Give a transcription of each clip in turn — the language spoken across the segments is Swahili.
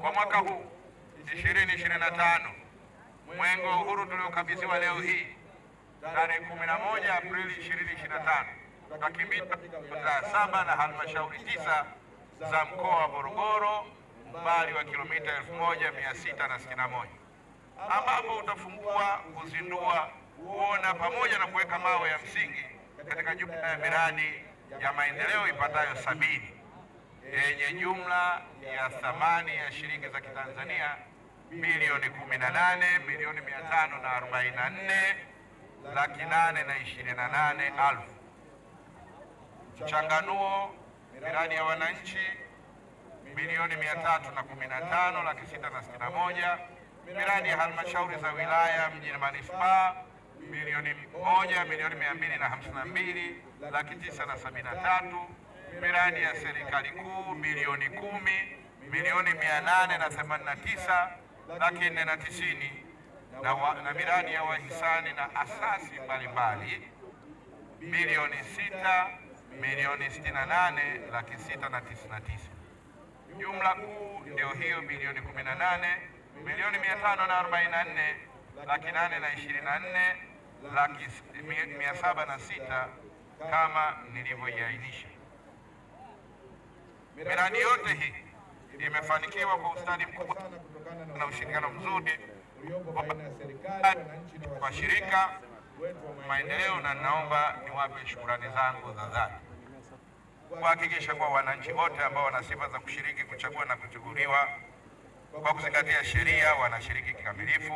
Kwa mwaka huu 2025 mwengo wa uhuru tuliokabidhiwa leo hii tarehe 11 Aprili 2025 tutakimbiza wilaya saba na halmashauri tisa za mkoa wa Morogoro, umbali wa kilomita 1661 ambapo utafungua, kuzindua, kuona pamoja na kuweka mawe ya msingi katika jumla ya miradi ya maendeleo ipatayo sabini yenye jumla ya thamani ya shilingi za Kitanzania bilioni 18 milioni 544 laki nane na ishirini na nane alfu. Mchanganuo miradi ya wananchi milioni mia na kumi na laki sita na sitini miradi ya halmashauri za wilaya mjini manispaa milioni moja milioni mia na hamsini laki tisa na sabini na miradi ya serikali kuu bilioni kumi milioni mia nane na themanini na tisa laki nne na tisini na, wa, na miradi ya wahisani na asasi mbalimbali bilioni sita milioni sitini na nane laki sita na tisini na tisa. Jumla kuu ndio hiyo milioni kumi na nane milioni mia tano na arobaini na nne laki nane na ishirini na nne laki mia saba na sita kama nilivyoiainisha. Miradi yote hii imefanikiwa kwa ustadi mkubwa na ushirikiano mzuri kwa shirika maendeleo, na naomba niwape shukurani zangu za dhati kuhakikisha kuwa wananchi wote ambao wana sifa za kushiriki, kuchagua na kuchaguliwa kwa kuzingatia sheria wanashiriki kikamilifu,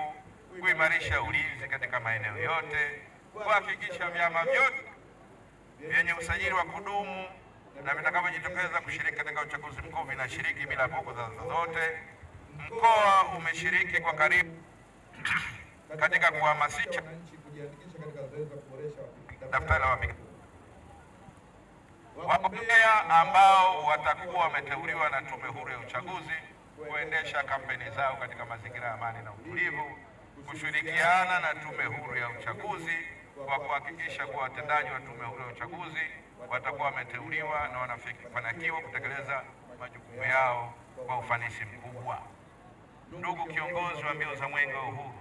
kuimarisha ulinzi katika maeneo yote, kuhakikisha vyama vyote vyenye usajili wa kudumu na vitakavyojitokeza kushiriki katika uchaguzi mkuu vinashiriki bila bughudha zozote. Mkoa umeshiriki kwa karibu katika kuhamasisha daftari la wapiga wagombea ambao watakuwa wameteuliwa na Tume Huru ya Uchaguzi kuendesha kampeni zao katika mazingira ya amani na utulivu, kushirikiana na Tume Huru ya Uchaguzi kwa kuhakikisha kuwa watendaji wa tume huru ya uchaguzi watakuwa wameteuliwa na wanafanikiwa kutekeleza majukumu yao kwa ufanisi mkubwa. Ndugu kiongozi wa mbio za Mwenge wa Uhuru,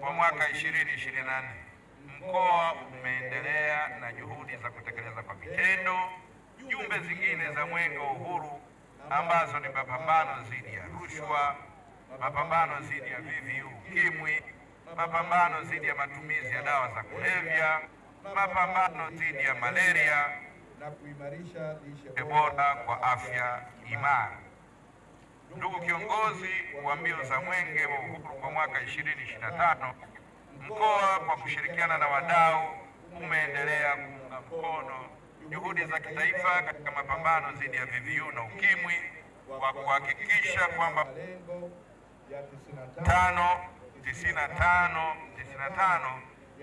kwa mwaka 2024 mkoa umeendelea na juhudi za kutekeleza kwa vitendo jumbe zingine za Mwenge wa Uhuru ambazo ni mapambano dhidi ya rushwa, mapambano dhidi ya VVU, ukimwi mapambano dhidi ya matumizi ya dawa za kulevya, mapambano dhidi ya malaria na kuimarisha lishe bora kwa afya imara. Ndugu kiongozi wa mbio za mwenge wa uhuru kwa mwaka 2025, mkoa kwa kushirikiana na wadau umeendelea kuunga mkono juhudi za kitaifa katika mapambano dhidi ya VVU na ukimwi kwa kuhakikisha kwamba tano 95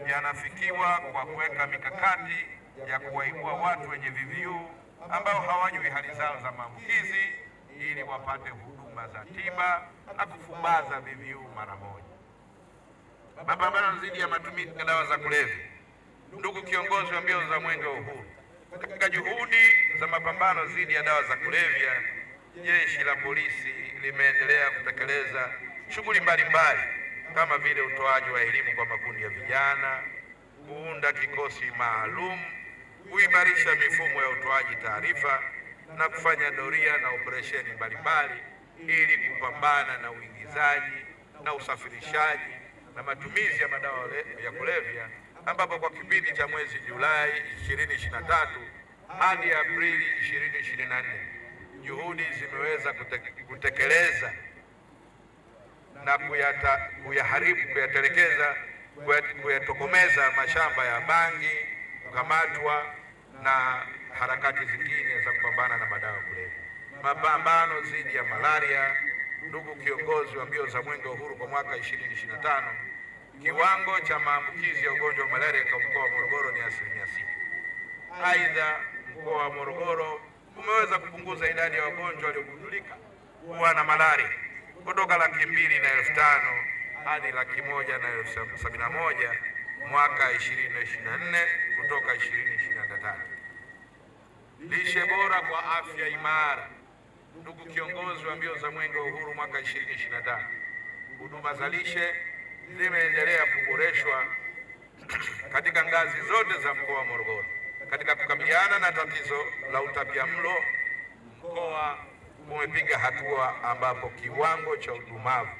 yanafikiwa kwa kuweka mikakati ya kuwaibua watu wenye VVU ambao hawajui hali zao za maambukizi ili wapate huduma za tiba na kufumbaza VVU mara moja. Mapambano dhidi ya matumizi ya dawa za kulevya. Ndugu kiongozi wa mbio za Mwenge wa Uhuru, katika juhudi za mapambano dhidi ya dawa za kulevya, jeshi la polisi limeendelea kutekeleza shughuli mbalimbali kama vile utoaji wa elimu kwa makundi ya vijana, kuunda kikosi maalum, kuimarisha mifumo ya utoaji taarifa na kufanya doria na operesheni mbalimbali ili kupambana na uingizaji na usafirishaji na matumizi ya madawa ya kulevya, ambapo kwa kipindi cha mwezi Julai 2023 hadi Aprili 2024 juhudi zimeweza kutekeleza kuyata, kuyaharibu, kuyatelekeza, kuyatokomeza mashamba ya bangi, kukamatwa na harakati zingine za kupambana na madawa kulevya, mapambano dhidi ya malaria. Ndugu kiongozi wa mbio za mwenge wa uhuru kwa mwaka 2025 kiwango cha maambukizi ya ugonjwa wa malaria kwa mkoa wa Morogoro ni asilimia sita. Aidha, mkoa wa Morogoro umeweza kupunguza idadi ya wagonjwa waliogundulika kuwa na malaria kutoka laki mbili na elfu tano hadi laki moja na elfu sabini na moja mwaka 2024 kutoka 2023. Lishe bora kwa afya imara. Ndugu kiongozi wa mbio za mwenge wa uhuru mwaka 2025, huduma za lishe zimeendelea kuboreshwa katika ngazi zote za mkoa wa Morogoro katika kukabiliana na tatizo la utapia mlo mkoa umepiga hatua ambapo kiwango cha udumavu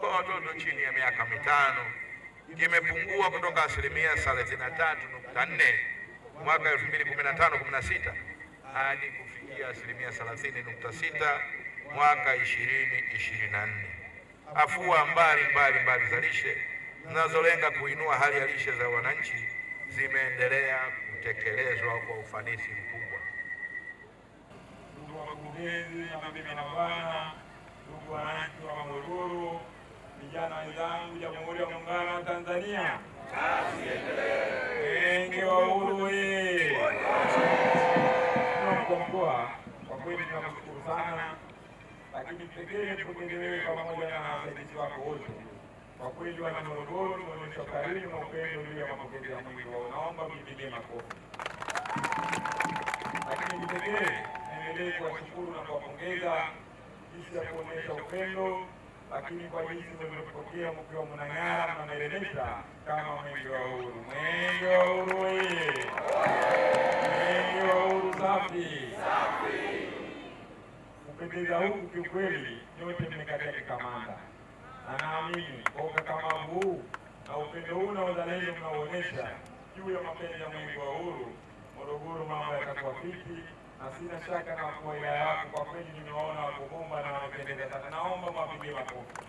kwa watoto chini ya miaka mitano kimepungua kutoka asilimia 33.4 mwaka 2015 16 hadi kufikia asilimia 30.6 mwaka 2024. Afua mbali mbali mbali za lishe zinazolenga kuinua hali ya lishe za wananchi zimeendelea kutekelezwa kwa ufanisi mkubwa ndugu wakurugenzi, mabibi na bwana, ndugu wananchi wa Morogoro, vijana wenzangu, Jamhuri ya Muungano wa Tanzania, Wengi wa Uhuru ye mkoa. Kwa kweli tunakushukuru sana, lakini pekee tukutembelewe pamoja na wasaidizi wako wote. Kwa kweli wana Morogoro unaonyesha karimu na upendo juu ya mapokezi ya mwenge, naomba mjipigie makofi lakini kipekee niendelee kuwashukuru na kuwapongeza jinsi ya kuonyesha upendo, lakini kwa jinsi mlivyopokea mkiwa mnang'ara, mnameremeta kama mwenge wa uhuru. Mwenge wa uhuru ye! Mwenge wa uhuru safi! Kupendeza huku kiukweli, nyote mmekatia kikamanda, na naamini kwa ukakamavu huu na upendo huu na uzalendo mnaoonyesha juu ya mapenzi ya mwenge wa uhuru, Morogoro mambo yatakuwa fiti na sina shaka na wakuu wa wilaya wako, kwa kweli nimewaona wakugomba na wanapendeza sana. Naomba mwapige makofi.